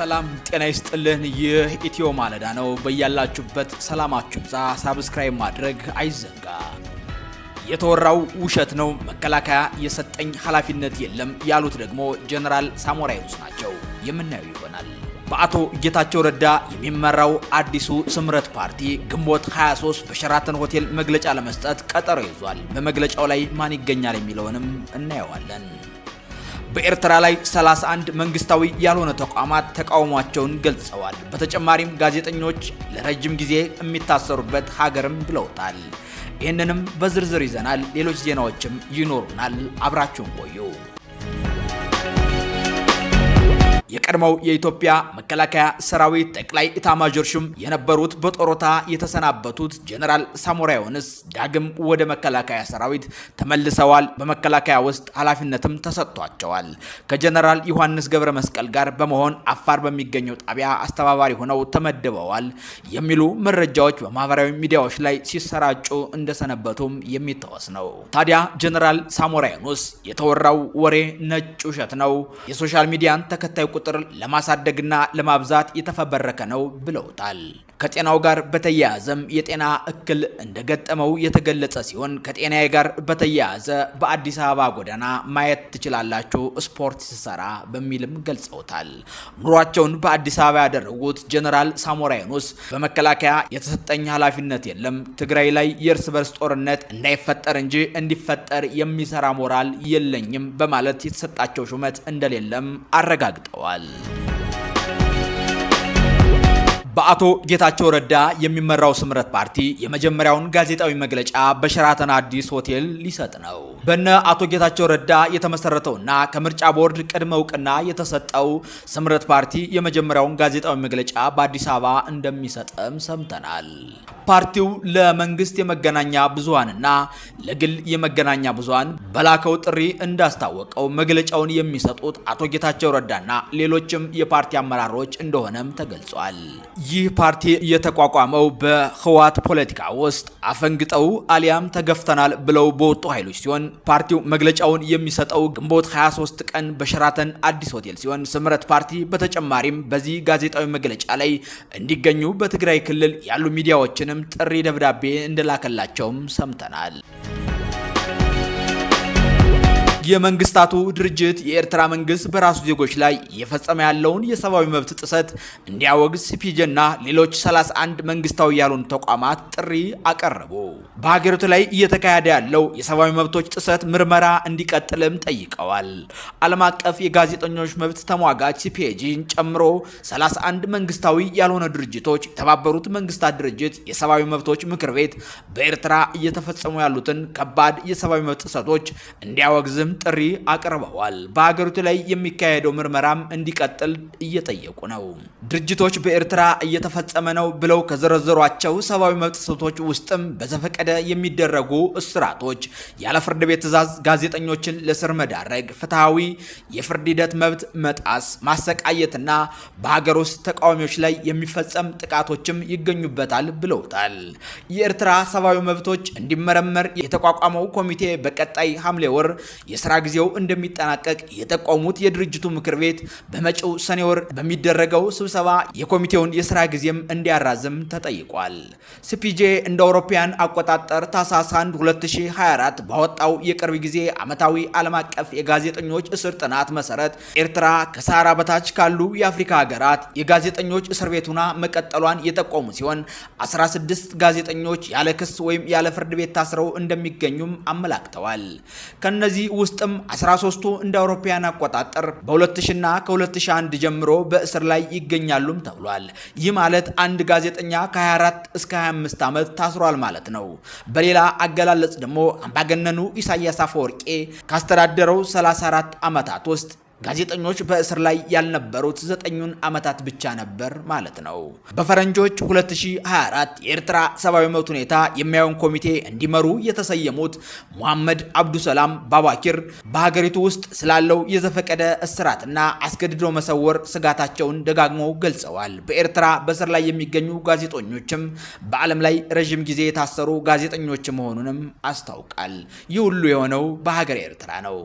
ሰላም ጤና ይስጥልን። ይህ ኢትዮ ማለዳ ነው። በያላችሁበት ሰላማችሁ ብዛ። ሳብስክራይብ ማድረግ አይዘጋ የተወራው ውሸት ነው። መከላከያ የሰጠኝ ኃላፊነት የለም ያሉት ደግሞ ጀነራል ሳሞራ የኑስ ናቸው። የምናየው ይሆናል። በአቶ ጌታቸው ረዳ የሚመራው አዲሱ ስምረት ፓርቲ ግንቦት 23 በሸራተን ሆቴል መግለጫ ለመስጠት ቀጠሮ ይዟል። በመግለጫው ላይ ማን ይገኛል የሚለውንም እናየዋለን። በኤርትራ ላይ 31 መንግስታዊ ያልሆነ ተቋማት ተቃውሟቸውን ገልጸዋል። በተጨማሪም ጋዜጠኞች ለረጅም ጊዜ የሚታሰሩበት ሀገርም ብለውታል። ይህንንም በዝርዝር ይዘናል። ሌሎች ዜናዎችም ይኖሩናል። አብራችሁን ቆዩ። የቀድሞው የኢትዮጵያ መከላከያ ሰራዊት ጠቅላይ ኢታማዦር ሹም የነበሩት በጦሮታ የተሰናበቱት ጀኔራል ሳሞራ ዳግም ወደ መከላከያ ሰራዊት ተመልሰዋል። በመከላከያ ውስጥ ኃላፊነትም ተሰጥቷቸዋል። ከጀነራል ዮሐንስ ገብረ መስቀል ጋር በመሆን አፋር በሚገኘው ጣቢያ አስተባባሪ ሆነው ተመድበዋል የሚሉ መረጃዎች በማህበራዊ ሚዲያዎች ላይ ሲሰራጩ እንደሰነበቱም የሚታወስ ነው። ታዲያ ጀነራል ሳሞራ የተወራው ወሬ ነጭ ውሸት ነው፣ የሶሻል ሚዲያን ተከታይ ቁጥር ለማሳደግና ለማብዛት የተፈበረከ ነው ብለውታል። ከጤናው ጋር በተያያዘም የጤና እክል እንደገጠመው የተገለጸ ሲሆን ከጤናዬ ጋር በተያያዘ በአዲስ አበባ ጎዳና ማየት ትችላላችሁ ስፖርት ስሰራ በሚልም ገልጸውታል። ኑሯቸውን በአዲስ አበባ ያደረጉት ጀነራል ሳሞራ የኑስ በመከላከያ የተሰጠኝ ኃላፊነት የለም፣ ትግራይ ላይ የእርስ በርስ ጦርነት እንዳይፈጠር እንጂ እንዲፈጠር የሚሰራ ሞራል የለኝም በማለት የተሰጣቸው ሹመት እንደሌለም አረጋግጠዋል። በአቶ ጌታቸው ረዳ የሚመራው ስምረት ፓርቲ የመጀመሪያውን ጋዜጣዊ መግለጫ በሸራተን አዲስ ሆቴል ሊሰጥ ነው። በነ አቶ ጌታቸው ረዳ የተመሰረተውና ከምርጫ ቦርድ ቅድመ እውቅና የተሰጠው ስምረት ፓርቲ የመጀመሪያውን ጋዜጣዊ መግለጫ በአዲስ አበባ እንደሚሰጥም ሰምተናል። ፓርቲው ለመንግስት የመገናኛ ብዙሃንና ለግል የመገናኛ ብዙሃን በላከው ጥሪ እንዳስታወቀው መግለጫውን የሚሰጡት አቶ ጌታቸው ረዳና ሌሎችም የፓርቲ አመራሮች እንደሆነም ተገልጿል። ይህ ፓርቲ የተቋቋመው በህወሓት ፖለቲካ ውስጥ አፈንግጠው አሊያም ተገፍተናል ብለው በወጡ ኃይሎች ሲሆን ፓርቲው መግለጫውን የሚሰጠው ግንቦት 23 ቀን በሸራተን አዲስ ሆቴል ሲሆን ስምረት ፓርቲ በተጨማሪም በዚህ ጋዜጣዊ መግለጫ ላይ እንዲገኙ በትግራይ ክልል ያሉ ሚዲያዎችን ጥሪ ደብዳቤ እንደላከላቸውም ሰምተናል። የመንግስታቱ ድርጅት የኤርትራ መንግስት በራሱ ዜጎች ላይ እየፈጸመ ያለውን የሰብአዊ መብት ጥሰት እንዲያወግዝ ና ሌሎች 31 መንግስታዊ ያልሆኑ ተቋማት ጥሪ አቀረቡ። በሀገሪቱ ላይ እየተካሄደ ያለው የሰብአዊ መብቶች ጥሰት ምርመራ እንዲቀጥልም ጠይቀዋል። ዓለም አቀፍ የጋዜጠኞች መብት ተሟጋች ሲፒጄን ጨምሮ 31 መንግስታዊ ያልሆነ ድርጅቶች የተባበሩት መንግስታት ድርጅት የሰብአዊ መብቶች ምክር ቤት በኤርትራ እየተፈጸሙ ያሉትን ከባድ የሰብአዊ መብት ጥሰቶች እንዲያወግዝም ጥሪ አቅርበዋል። በሀገሪቱ ላይ የሚካሄደው ምርመራም እንዲቀጥል እየጠየቁ ነው። ድርጅቶች በኤርትራ እየተፈጸመ ነው ብለው ከዘረዘሯቸው ሰብአዊ መብት ጥሰቶች ውስጥም በዘፈቀደ የሚደረጉ እስራቶች፣ ያለ ፍርድ ቤት ትእዛዝ ጋዜጠኞችን ለስር መዳረግ፣ ፍትሐዊ የፍርድ ሂደት መብት መጣስ፣ ማሰቃየትና በሀገር ውስጥ ተቃዋሚዎች ላይ የሚፈጸም ጥቃቶችም ይገኙበታል ብለውታል። የኤርትራ ሰብአዊ መብቶች እንዲመረመር የተቋቋመው ኮሚቴ በቀጣይ ሐምሌ ወር የስራ ጊዜው እንደሚጠናቀቅ የጠቆሙት የድርጅቱ ምክር ቤት በመጪው ሰኔ ወር በሚደረገው ስብሰባ የኮሚቴውን የስራ ጊዜም እንዲያራዝም ተጠይቋል። ሲፒጄ እንደ አውሮፓውያን አቆጣጠር ታህሳስ 1 2024 ባወጣው የቅርብ ጊዜ ዓመታዊ ዓለም አቀፍ የጋዜጠኞች እስር ጥናት መሰረት ኤርትራ ከሳራ በታች ካሉ የአፍሪካ ሀገራት የጋዜጠኞች እስር ቤቱና መቀጠሏን የጠቆሙ ሲሆን 16 ጋዜጠኞች ያለ ክስ ወይም ያለ ፍርድ ቤት ታስረው እንደሚገኙም አመላክተዋል። ከነዚህ ውስጥ ውስጥም 13ቱ እንደ አውሮፓውያን አቆጣጠር በ2000ና ከ2001 ጀምሮ በእስር ላይ ይገኛሉም ተብሏል። ይህ ማለት አንድ ጋዜጠኛ ከ24 እስከ 25 ዓመት ታስሯል ማለት ነው። በሌላ አገላለጽ ደግሞ አምባገነኑ ኢሳያስ አፈወርቄ ካስተዳደረው 34 ዓመታት ውስጥ ጋዜጠኞች በእስር ላይ ያልነበሩት ዘጠኙን ዓመታት ብቻ ነበር ማለት ነው። በፈረንጆች 2024 የኤርትራ ሰብአዊ መብት ሁኔታ የሚያዩን ኮሚቴ እንዲመሩ የተሰየሙት ሙሐመድ አብዱሰላም ባባኪር በሀገሪቱ ውስጥ ስላለው የዘፈቀደ እስራትና አስገድዶ መሰወር ስጋታቸውን ደጋግመው ገልጸዋል። በኤርትራ በእስር ላይ የሚገኙ ጋዜጠኞችም በዓለም ላይ ረዥም ጊዜ የታሰሩ ጋዜጠኞች መሆኑንም አስታውቃል። ይህ ሁሉ የሆነው በሀገር ኤርትራ ነው።